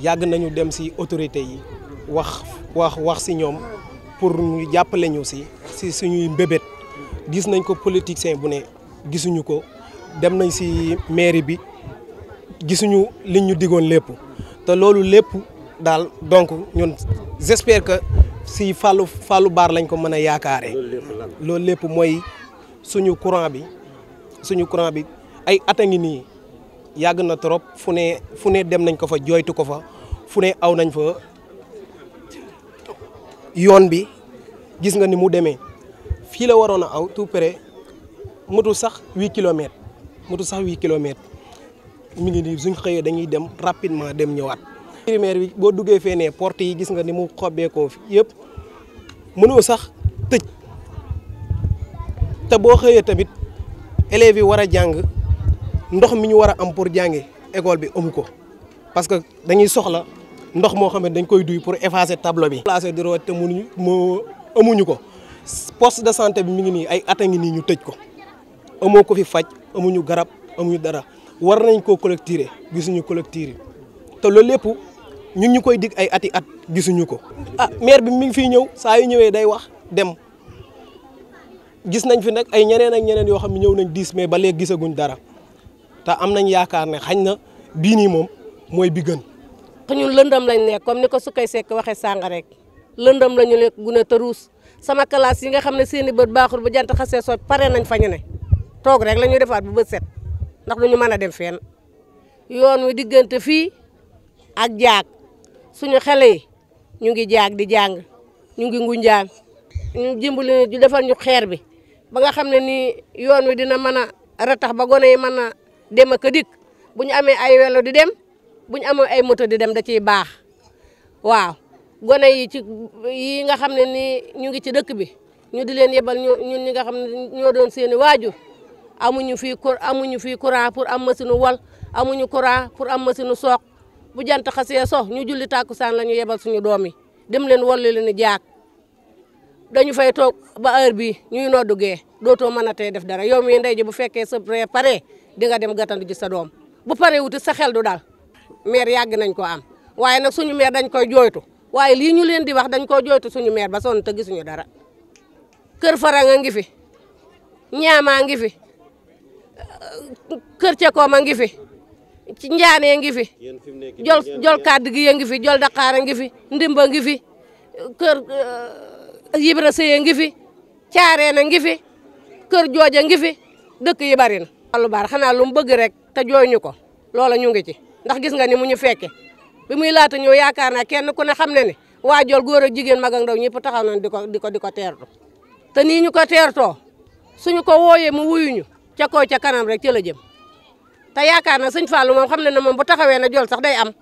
yàgg nañu dem si autorité yi wax wax wax si ñoom pour ñu jàppale ñu si suñuy mbébét gis nañ ko politicien bu ne gisuñu ko dem nañ si mairie bi gisuñu li ñu diggoon lépp te loolu lépp daal donc ñun j'espère que si Fallou Fallou Barre lañ ko mën a yaakaare loolu lépp mooy suñu courant bi suñu courant bi ay at a ngi nii yàgg na trop fu ne fu ne dem nañ ko fa jooytu ko fa fu ne aw nañ fa yoon bi gis nga ni mu demee fii la waroon a aw tout près mutu sax huit kilomètres mutu sax huit kilomètres mi ngi nii suñ xëyee dañuy dem rapidement dem ñëwaat. primaire boo duggee fee ne porte yi gis nga ni mu xobbeekoo fi yëpp mënoo sax tëj te boo xëyee tamit élèves yi war a jàng. ndox mi ñu wara am pour jangé école bi amu ko parce que dañuy soxla ndox mo xamé dañ koy duy pour effacer tableau bi. placé di root te mo moo amuñu ko poste de santé bi mi ngi ni ay atangi ni ñu tejj ko amoo ko fi faj amuñu garab amuñu dara war nañ koo collecter gisuñu collecter te lo lepp ñun ñukoy dig ay ati at gisuñu ko. ah maire bi mi ngi fi ñew sa yu ñewé day wax dem. gis nañ fi nak ay ñeneen ak ñeneen yo xamni ñew nañ 10 mais ba légui gisaguñ dara ta am nañ yaakaar ne xañ na bii nii moom mooy bi gën ñun lëndëm lañ nekk comme ni ko su kay sekk waxee sàng rek lañu nekk gune te ruus sama classe yi nga xam ne seen i bët baaxul bu jant xasee soo pare nañ fa ne toog rek lañu defaat bu bët set ndax duñu mën a dem fenn yoon wi diggante fii ak jaag suñu xale yi ñu ngi jaag di jàng ñu ngi ngunjaan ñu dimbali ñu defal ñu xeer bi ba nga xam ne nii yoon wi dina mën a ratax ba gone yi dem ak dik bu ñu amee ay welo di dem bu ñu amee ay moto di dem da ciy baax waaw gone yi ci nga xam ne nii ñu ngi ci dëkk bi ñu di leen yebal ñun ñi nga xam ne ñoo doon seeni waajur amuñu fii kur amuñu fii courant pour am machine wal amuñu courant pour am machine sook bu jant xasee so ñu julli tàkkusaan la ñu yebal suñu doom yi dem leen walli leen jaak dañu fay toog ba heure bii ñuy noddu gee dootoo mën a tey def dara yow mii ndey ji bu fekkee sa pare di nga dem gàttandu ji sa doom bu paree wuti sa xel du daal maire yàgg nañ ko am waaye nag suñu maire dañ koy jooytu waaye lii ñu leen di wax dañ koo jooytu suñu maire ba sonn te gisuñu dara kër faranga ngi fi ñaamaa ngi fi kër cekooma ngi fi ci njaanee ngi fi jol jol kàdd gi ya ngi fi jol daqaara ngi fi ndimba gi fi kër yibra euh, sëye ngi fi caaree na ngi fi kër jooja ngi fi dëkk yi bari na. Fallou xanaa lu mu bëgg rek te jooy ñu ko loola ñu ngi ci ndax gis nga ni mu ñu fekke bi muy laata ñëw yaakaar naa kenn ku ne xam ne ne waa Jol góor ak jigéen mag ak ndaw ñëpp taxaw nañ di ko di ko di ko teertu te nii ñu ko teertoo suñu ko wooyee mu wuyuñu ca kaw ca kanam rek ca la jëm te yaakaar na sëñ Fallou moom xam ne ne moom bu taxawee na Jol sax day am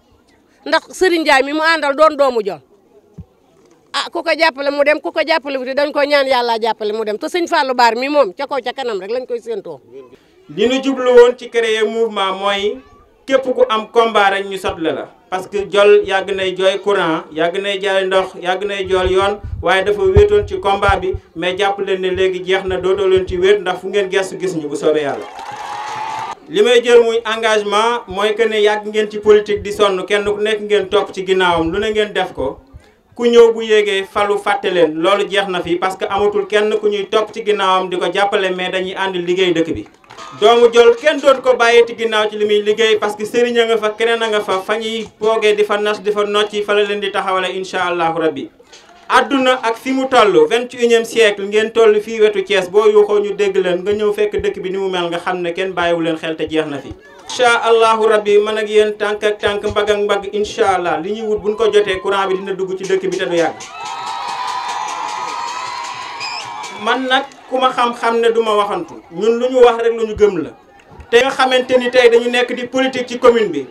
ndax Serigne Ndiaye mi mu àndal doon doomu Jol ah ku ko jàppale mu dem ku ko jàppale wuti dañ ko ñaan yàlla jàppale mu dem te sëñ Fallou Baar mi moom ca kaw ca kanam rek lañ koy séentoo. li nu jublu woon ci créer mouvement mooy képp ku am combat rek ñu sotle parce que jol yàgg nay jooy courant yàgg nay jaay ndox yàgg nay jool yoon waaye dafa wéetoon ci combat bi mais jàpp leen ne léegi jeex na dootoo leen ci ndax fu ngeen gestu gis ñu bu soobee yàlla. li may jël muy engagement mooy que ne yàgg ngeen ci politique di sonn kenn ku nekk ngeen topp ci ginnaawam lu ne ngeen def ko. ku ñëw bu yéegee falu fàtte leen loolu jeex na fi parce que amatul kenn ku ñuy topp ci ginnaawam di ko jàppale mais dañuy ànd liggéey dëkk bi doomu jol kenn dootu ko bàyyee ci ginnaaw ci li muy liggéey parce que sëriñ a nga fa keneen a nga fa fa ñuy boogee di fa nas di fa nocci fa la leen di taxawale incha allahu rabbi adduna ak fi mu toll vingt et unième siècle ngeen toll fii wetu cees boo yuuxoo ñu dégg leen nga ñëw fekk dëkk bi ni mu mel nga xam ne kenn bàyyiwu leen xel jeex na fi incha allahu rabbi man ak yéen tànk ak tànk mbagg incha allah li ñuy wut buñ ko jotee courant bi dina dugg ci dëkk bi te du nag ku ma xam-xam ne du ma waxantu ñun lu ñu wax rek lu ñu gëm la. te nga xamante ni tey dañu nekk di politique ci commune bi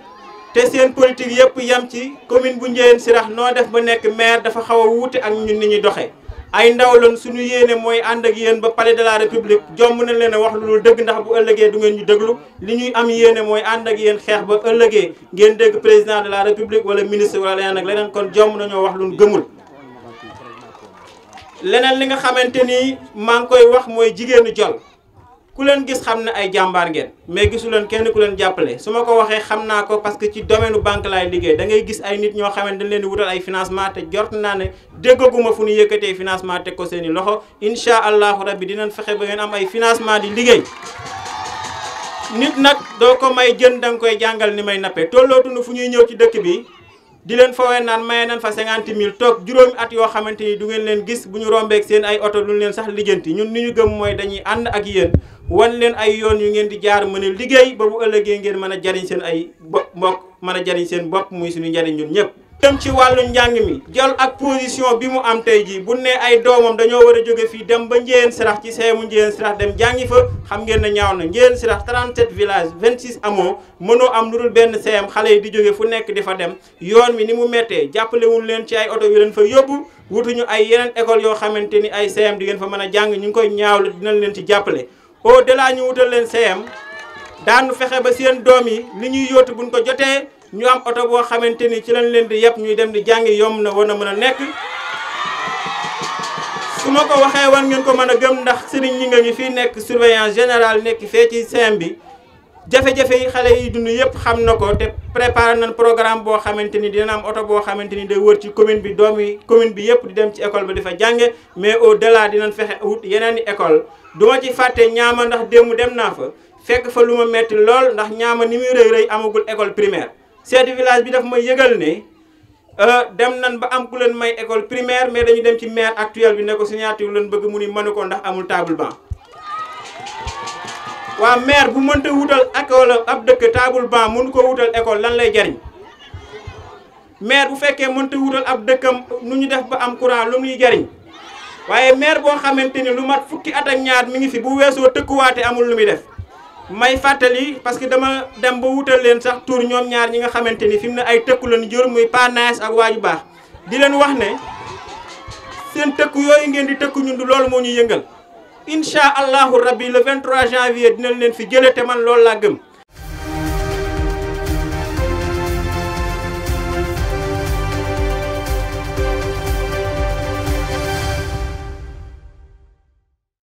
te seen politique yëpp yam ci commune bu Ndiéyène sirax noo def ba nekk maire dafa xaw a wuute ak ñun ni ñuy doxee. ay ndaw suñu yéene mooy ànd ak yéen ba pare de la république jomb nañ leen a wax lu dëgg ndax bu ëllëgee du ngeen ñu déglu li ñuy am yéene mooy ànd ak yéen xeex ba ëllëgee ngeen dégg président de la république wala ministre wala leneen ak leneen kon jomb nañoo wax lu gëmul. leneen li nga xamante ni maa ngi koy wax mooy jigéenu Jol. ku leen gis xam ne ay jàmbaar ngeen mais gisu kenn ku leen jàppale su ma ko waxee xam naa ko parce que ci domaine banque laay liggéey dangay ngay gis ay nit ñoo xam ne leen wutal ay financement te jot naa ne déggaguma fu ñu yëkkatee financement te ko seen i loxo incha allahu rabbi dinañ fexe ba ngeen am ay financement di liggéey nit nag doo ko may jën da nga koy jàngal ni may nappe tollootuñu fu ñuy ñëw ci dëkk bi di leen foowee naan maye nañ fa cinquante mille toog juróomi at yoo xamante ni du ngeen leen gis bu ñu rombeek seen ay oto duñ leen sax lijjanti ñun ni ñu gëm mooy dañuy ànd ak yéen wan leen ay yoon yu ngeen di jaar mën a liggéey ba bu ëllëgee ngeen mën a jariñ seen ay bo mbokk mën a jariñ seen bopp muy suñu njariñ ñun ñëpp tam ci wàllu njàng mi jël ak position bi mu am tey jii bu ne ay doomam dañoo war a jóge fii dem ba Ndiéyène Sirax ci seemu Ndiéyène Sirax dem jàngi fa xam ngeen ne ñaaw na Ndiéyène Sirax 37 vingt 26 amoo mënoo am lu dul benn seem xale yi di jóge fu nekk di fa dem yoon wi ni mu méttee jàppalewul leen ci ay oto yu leen fa yóbbu wutuñu ay yeneen école yoo xamante ni ay seem di ngeen fa mën a jàng ñu ngi koy ñaawlu dinañ leen ci jàppale o delà ñu wutal leen seem daanu fexe ba doom yi li ñuy yóotu buñ ko jotee ñu am oto boo xamante ni ci lañ leen di yëpp ñuy dem di jàngi yomb na war na mën a nekk su ko waxee war ngeen ko mën a gëm ndax sëriñ ñi nga ñu fii nekk surveillance nekk ci bi jafe-jafe yi xale yi dund yëpp xam na ko te préparé nañ programme boo ni dina am oto boo xamante ni day wër ci commune bi doom yi commune bi yëpp di dem ci école ba di fa jànge mais au delà dinañ fexe wut yeneen i école du ci fàtte ñaama ndax démb dem naa fa fekk fa lu metti lool ndax ñaama ni muy amagul école primaire chef de village bi daf may yëgal ne euh, dem nan ba am ku leen may école primaire mais dañu dem ci maire actuel bi ne ko signature leen bëgg mu ni mënu ko ndax amul table banc waa maire bu mënta wutal école ab dëkk table banc mun ko wutal école lan lay jariñ maire bu fekkee mënta wutal ab dëkkam nu ñu def ba am courant lu muy jariñ waaye maire boo xamante ni lu mat fukki at ñaar mi ngi fi bu weesoo tëkkuwaate amul lu muy def may fàttali parce que dama dem ba wutal leen sax tur ñoom ñaar ñi nga xamante ni fi mu ne ay tëkku lañu jur muy panaas ak waaju baax di leen wax ne seen tëkku yooyu ngeen di tëkku ñun du loolu moo ñu yëngal incha allahu rabbi le 23 janvier dinañ leen fi jëlee te man loolu laa gëm.